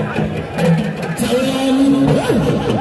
Turn on the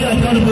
يا جان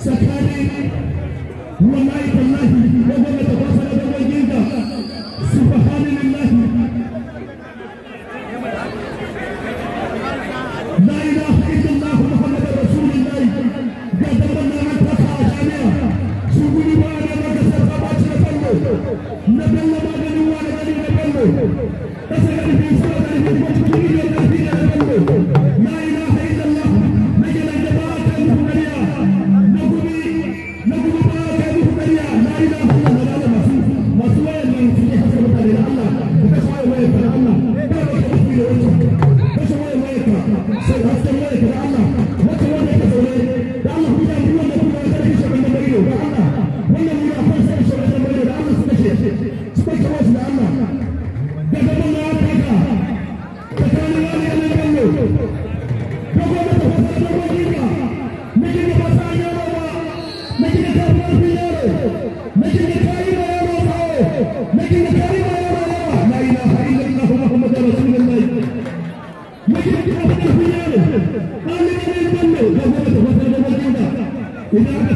Sakari, wallahi, wallahi, wallahi,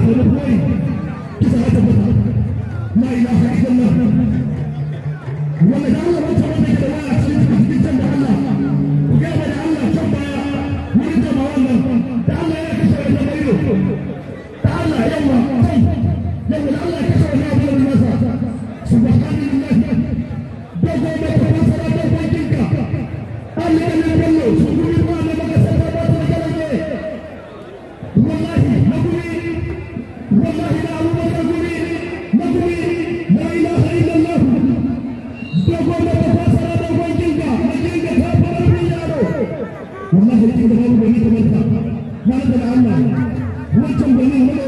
Olha por aí.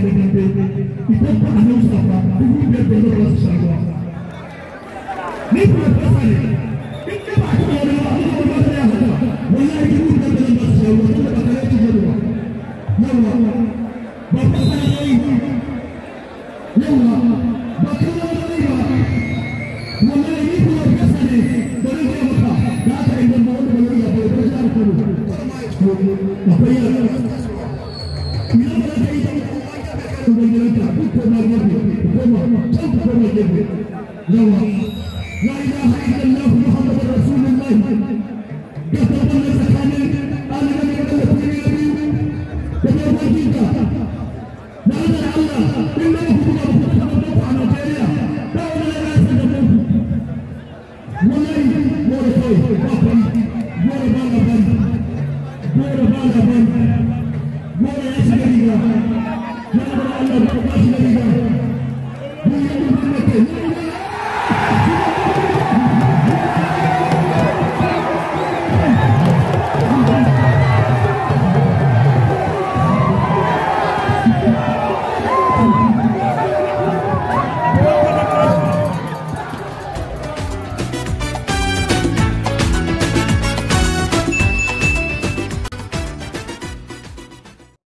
pépépépé il faut pas aller au savoir il faut bien donner au savoir. Ni pour le préparer. لا إله إلا الله محمد رسول الله